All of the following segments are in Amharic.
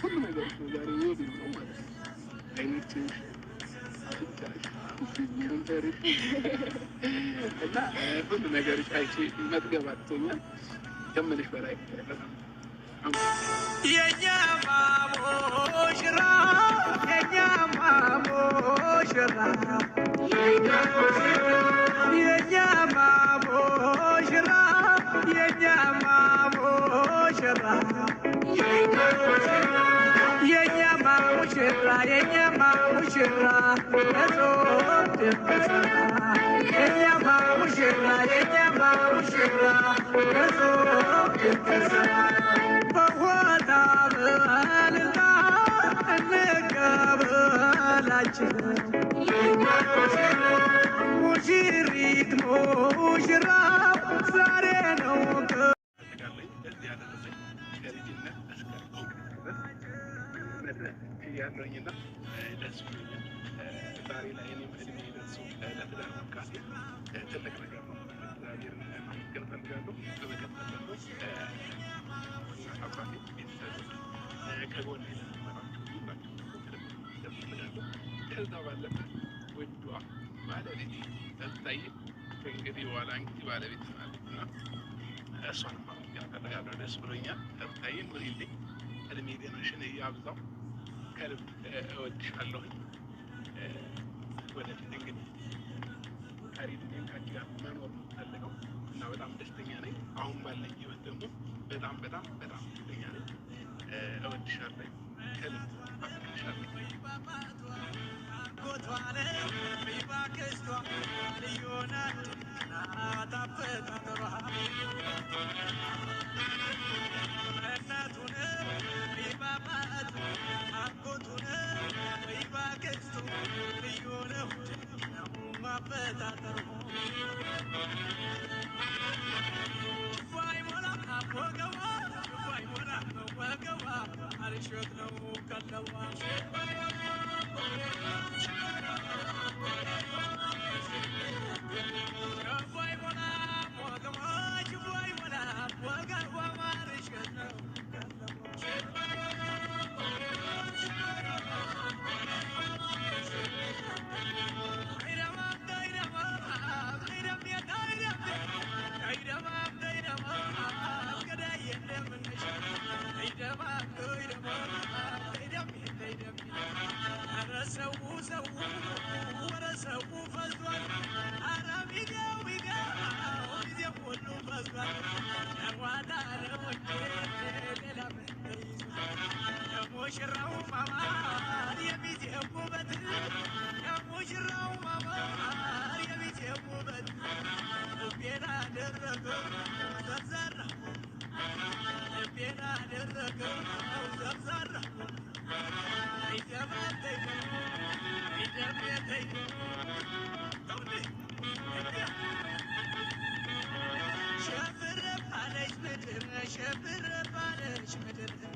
ሁሉ ነገር ዛሬ ውብ ነው ማለት ነው። አይኖችሽ፣ አፍንጫሽ፣ እና ሁሉ ነገርሽ አይቼ መጥገብ አጥቶኛል። ከምልሽ በላይ በጣም የኛ ማሞ ሽራ የኛ ማሞ ሽራ የኛ ማሞ ሽራ የኛ ማሞ ሽራ ሽራ የኛማ ሙሽራ የጾም ድምሰራ የኛማ ሙሽራ የኛማ ሙሽራ የጾም ሙሽሪት ሙሽራ ዛሬ ነው ያለኝ እና ደስ ብሎኛል። ዛሬ ላይ እኔም እድሜ ደርሶ ለትዳር መብቃቴ ትልቅ ነገር ነው። እግዚአብሔርን ማመስገን እፈልጋለሁ። በመቀጠል ደግሞ ከዛ ባለፈ ወዷ ባለቤት ስታይ ከእንግዲህ በኋላ እንግዲህ ባለቤት ማለት እና እሷን ማመስገን እፈልጋለሁ። ደስ ብሎኛል። ስታይ ኑሪልኝ፣ እድሜ ጤናሽን ያብዛው። ከልብ እወድሻለሁኝ። ወደፊት እንግዲህ ከአንቺ ጋር መኖር የምፈልገው እና በጣም ደስተኛ ነኝ። አሁን ባለኝ ህይወት ደግሞ በጣም በጣም በጣም ደስተኛ ነኝ። እወድሻለሁ፣ ከልብ አፍቅርሻለሁ። Não. acho. شفر بالش مدر شفر بالش مدر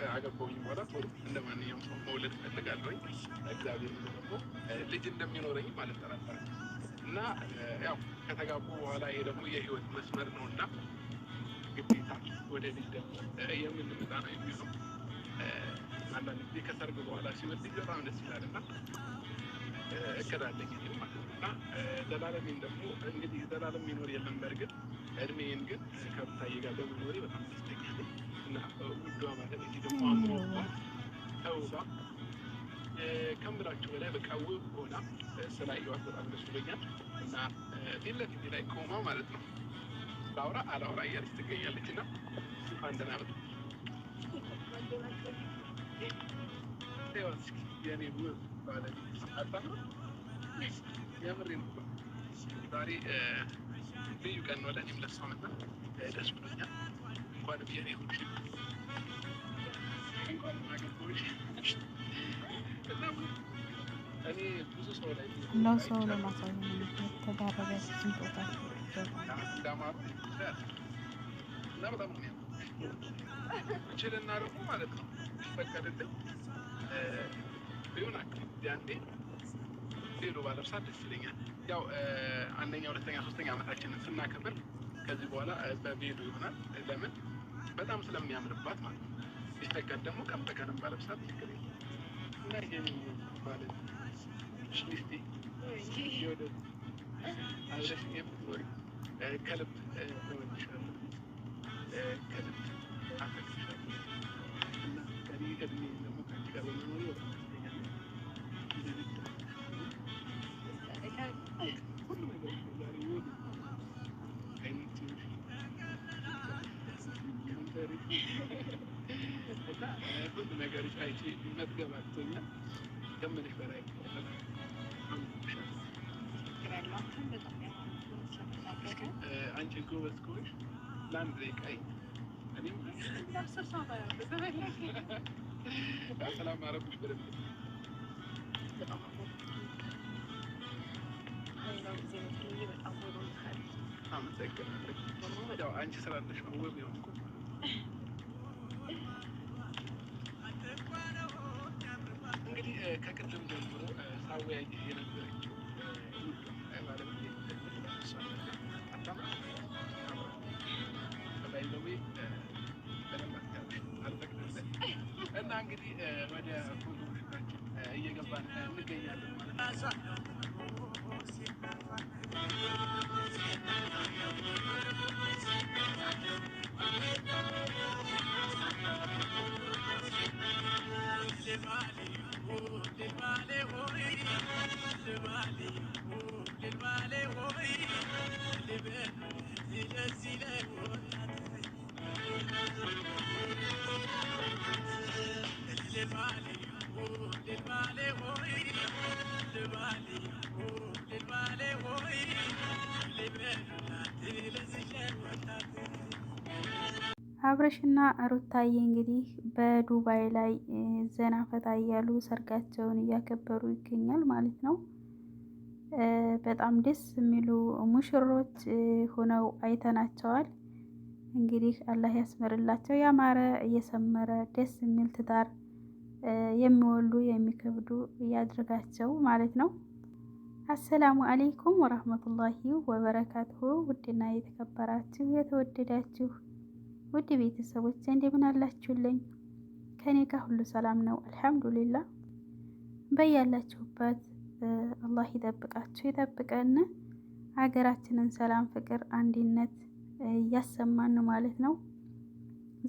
ከአገባሁኝ በኋላ እንደ ማንኛውም ሰው መውለድ እፈልጋለሁኝ። እግዚአብሔር ደግሞ ልጅ እንደሚኖረኝም አልጠራጠርም እና ያው ከተጋቡ በኋላ ይሄ ደግሞ የህይወት መስመር ነው እና ግዴታ ወደ ልጅ ደግሞ የምንመጣ ነው የሚሆነው። አንዳንድ ጊዜ ከሰርግ በኋላ ሲወልድ በጣም ደስ ይላል እና እቅዳለኝ ማለት ነው እና ዘላለሜን ደግሞ እንግዲህ ዘላለም ሚኖር የለም በእርግጥ እድሜን ግን ከብታዬ በመኖሬ በጣም ደስተኛል። እና ውዷ ባለቤቴ ደግሞ አምሮባት ተውባ ከምላችሁ በላይ በቃ ውብ ሆና ስላየኋት በጣም ደስ ብሎኛል እና ፊት ለፊቴ ላይ ቆማ ማለት ነው ላውራ አላውራ እያለች ትገኛለች እና እንኳን ደህና መጣ የኔ ውብ ባለቤት አጣ የምሬ ነው ዛሬ ልዩ ቀን ወደ እኔም ደስ መጣ ደስ ብሎኛል እንኳንም የኔ ሁሉ እንኳንም ሰው ለማሳየት ሌሎ ባለብሳት ደስ ይለኛል። ያው አንደኛ፣ ሁለተኛ፣ ሶስተኛ ዓመታችንን ስናከብር ከዚህ በኋላ በቤዱ ይሆናል። ለምን በጣም ስለሚያምርባት ማለት ነው። ሊጠጋት ደግሞ ቀን በቀን ባለብሳት ችግር የለም እና ይሄ ማለት ከልብ እና ብዙ ነገሮች አይቼ መትገባቶኛል ከምልሽ በላይ አንቺ ጎበዝ ከሆንሽ ለአንድ ደቂቃ እኔም ሰላም አረብሽ በደንብ አንቺ ስላለሽ ነው ውብ የሆንኩት እንግዲህ ከቅድም ጀምሮ ሳዊያ የነበረችው እና እንግዲህ ወደ ፎቶ እየገባን እንገኛለን ማለት ነው። አብረሽና ሩታዬ እንግዲህ በዱባይ ላይ ዘና ፈታ እያሉ ሰርጋቸውን እያከበሩ ይገኛል ማለት ነው። በጣም ደስ የሚሉ ሙሽሮች ሆነው አይተናቸዋል። እንግዲህ አላህ ያስመርላቸው ያማረ እየሰመረ ደስ የሚል ትዳር የሚወሉ የሚከብዱ እያድርጋቸው ማለት ነው። አሰላሙ አሌይኩም ወረህመቱላሂ ወበረካቱሁ ውድና የተከበራችሁ የተወደዳችሁ ውድ ቤተሰቦች እንደምን አላችሁልኝ? ከኔ ጋር ሁሉ ሰላም ነው አልሐምዱሊላ። በያላችሁበት አላህ ይጠብቃችሁ ይጠብቀን። ሀገራችንን ሰላም፣ ፍቅር፣ አንድነት እያሰማን ማለት ነው።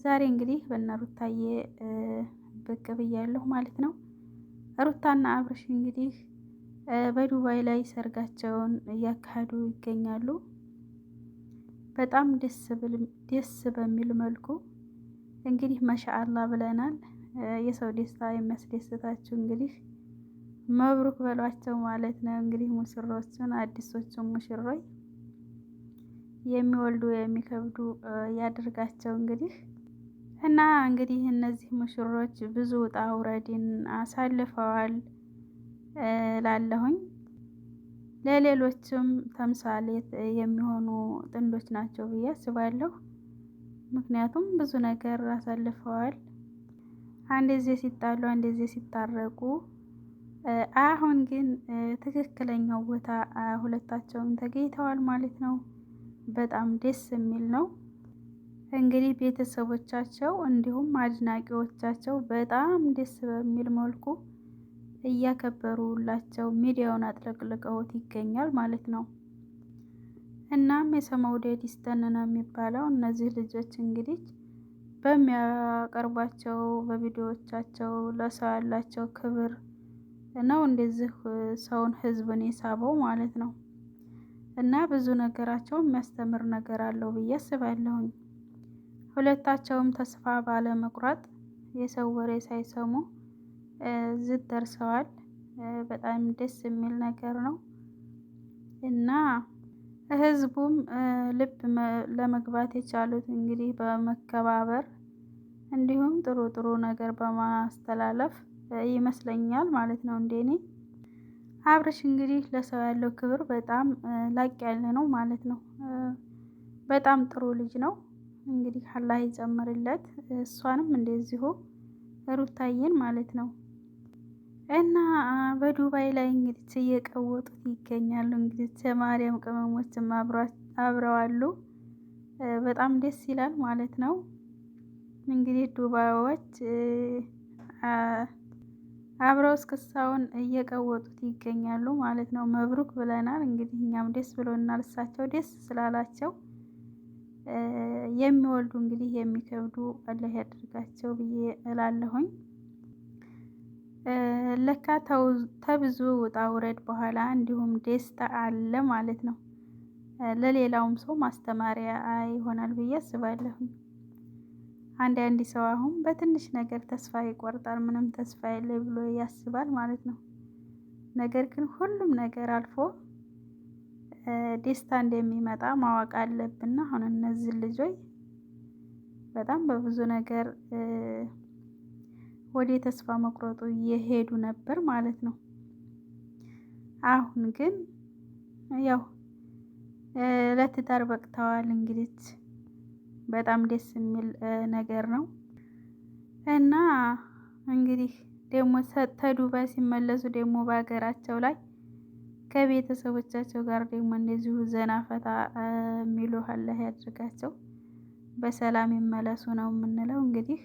ዛሬ እንግዲህ በእነ ሩታዬ ብቅ ብያለሁ ማለት ነው። ሩታና አብርሽ እንግዲህ በዱባይ ላይ ሰርጋቸውን እያካሄዱ ይገኛሉ። በጣም ደስ በሚል መልኩ እንግዲህ መሻአላ ብለናል። የሰው ደስታ የሚያስደስታችሁ እንግዲህ መብሩክ በሏቸው ማለት ነው። እንግዲህ ሙሽሮችን አዲሶቹን ሙሽሮች የሚወልዱ የሚከብዱ ያደርጋቸው እንግዲህ እና እንግዲህ እነዚህ ሙሽሮች ብዙ ውጣ ውረድን አሳልፈዋል። ላለሁኝ ለሌሎችም ተምሳሌት የሚሆኑ ጥንዶች ናቸው ብዬ አስባለሁ። ምክንያቱም ብዙ ነገር አሳልፈዋል። አንድ ሲጣሉ፣ አንድ ሲታረቁ፣ አሁን ግን ትክክለኛው ቦታ ሁለታቸውም ተገኝተዋል ማለት ነው። በጣም ደስ የሚል ነው። እንግዲህ ቤተሰቦቻቸው እንዲሁም አድናቂዎቻቸው በጣም ደስ በሚል መልኩ እያከበሩላቸው ሚዲያውን አጥለቅልቀውት ይገኛል ማለት ነው። እናም የሰማውዴድ ስተን ነው የሚባለው። እነዚህ ልጆች እንግዲህ በሚያቀርቧቸው በቪዲዮዎቻቸው ለሰው ያላቸው ክብር ነው እንደዚህ ሰውን ህዝብን የሳበው ማለት ነው። እና ብዙ ነገራቸው የሚያስተምር ነገር አለው ብዬ አስባለሁኝ። ሁለታቸውም ተስፋ ባለመቁረጥ የሰው ወሬ ሳይሰሙ ዝት ደርሰዋል። በጣም ደስ የሚል ነገር ነው እና ህዝቡም ልብ ለመግባት የቻሉት እንግዲህ በመከባበር እንዲሁም ጥሩ ጥሩ ነገር በማስተላለፍ ይመስለኛል ማለት ነው። እንደኔ አብርሽ እንግዲህ ለሰው ያለው ክብር በጣም ላቅ ያለ ነው ማለት ነው። በጣም ጥሩ ልጅ ነው እንግዲህ አላህ ይጨምርለት፣ እሷንም እንደዚሁ ሩታዬን ማለት ነው። እና በዱባይ ላይ እንግዲህ እየቀወጡት ይገኛሉ። እንግዲህ የማርያም ቅመሞችም አብረዋሉ። በጣም ደስ ይላል ማለት ነው። እንግዲህ ዱባዮች አብረው እስክሳውን እየቀወጡት ይገኛሉ ማለት ነው። መብሩክ ብለናል። እንግዲህ እኛም ደስ ብሎናል። እሳቸው ደስ ስላላቸው የሚወልዱ እንግዲህ የሚከብዱ አላህ ያደርጋቸው ብዬ እላለሁኝ። ለካ ተብዙ ውጣ ውረድ በኋላ እንዲሁም ደስታ አለ ማለት ነው። ለሌላውም ሰው ማስተማሪያ ይሆናል ብዬ አስባለሁ። አንድ ሰው አሁን በትንሽ ነገር ተስፋ ይቆርጣል፣ ምንም ተስፋ የለ ብሎ ያስባል ማለት ነው። ነገር ግን ሁሉም ነገር አልፎ ደስታ እንደሚመጣ ማወቅ አለብና አሁን እነዚህ ልጆች በጣም በብዙ ነገር ወደ ተስፋ መቁረጡ የሄዱ ነበር ማለት ነው። አሁን ግን ያው ለትዳር በቅተዋል። እንግዲህ በጣም ደስ የሚል ነገር ነው እና እንግዲህ ደግሞ ተዱባይ ሲመለሱ ደግሞ በሀገራቸው ላይ ከቤተሰቦቻቸው ጋር ደግሞ እንደዚሁ ዘና ፈታ የሚሉ አላህ ያድርጋቸው። በሰላም ይመለሱ ነው የምንለው እንግዲህ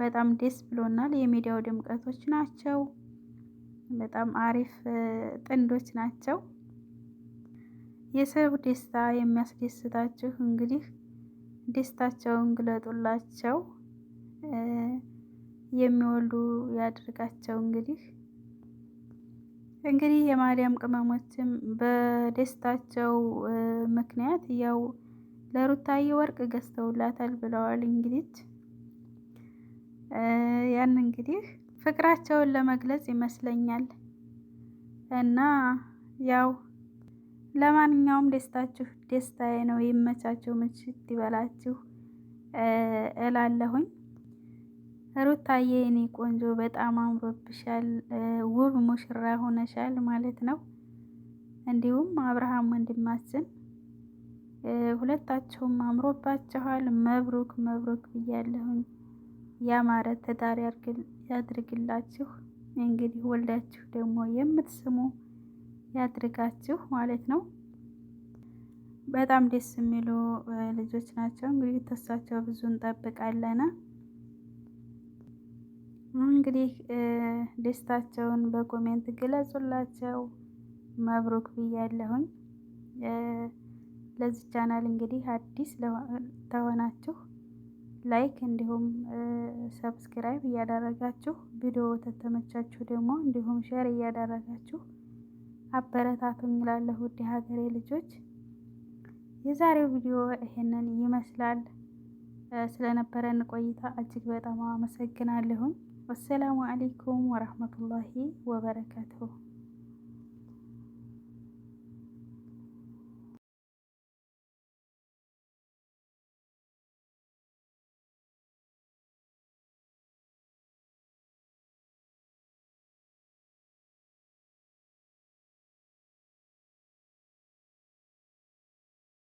በጣም ደስ ብሎናል። የሚዲያው ድምቀቶች ናቸው። በጣም አሪፍ ጥንዶች ናቸው። የሰው ደስታ የሚያስደስታችሁ እንግዲህ ደስታቸውን ግለጡላቸው። የሚወልዱ ያድርጋቸው። እንግዲህ እንግዲህ የማርያም ቅመሞችም በደስታቸው ምክንያት ያው ለሩታዬ ወርቅ ገዝተውላታል ብለዋል እንግዲህ ያን እንግዲህ ፍቅራቸውን ለመግለጽ ይመስለኛል። እና ያው ለማንኛውም ደስታችሁ ደስታዬ ነው፣ ይመቻችሁ፣ ምሽት ይበላችሁ እላለሁኝ። ሩታዬ እኔ ቆንጆ በጣም አምሮብሻል፣ ውብ ሙሽራ ሆነሻል ማለት ነው። እንዲሁም አብርሃም ወንድማችን ሁለታችሁም አምሮባችኋል። መብሩክ መብሩክ ብያለሁኝ። ያማረ ትዳር ያድርግላችሁ። እንግዲህ ወልዳችሁ ደግሞ የምትስሙ ያድርጋችሁ ማለት ነው። በጣም ደስ የሚሉ ልጆች ናቸው። እንግዲህ ተሳቸው ብዙ እንጠብቃለን። እንግዲህ ደስታቸውን በኮሜንት ግለጹላቸው። መብሩክ ብያለሁኝ። ለዚህ ቻናል እንግዲህ አዲስ ተሆናችሁ ላይክ እንዲሁም ሰብስክራይብ እያደረጋችሁ ቪዲዮ ተተመቻችሁ ደግሞ እንዲሁም ሼር እያደረጋችሁ አበረታቱ እላለሁ። ውድ ሀገሬ ልጆች የዛሬው ቪዲዮ ይሄንን ይመስላል። ስለነበረን ቆይታ እጅግ በጣም አመሰግናለሁኝ። ወሰላሙ አሌይኩም ወራህመቱላሂ ወበረካቱሁ።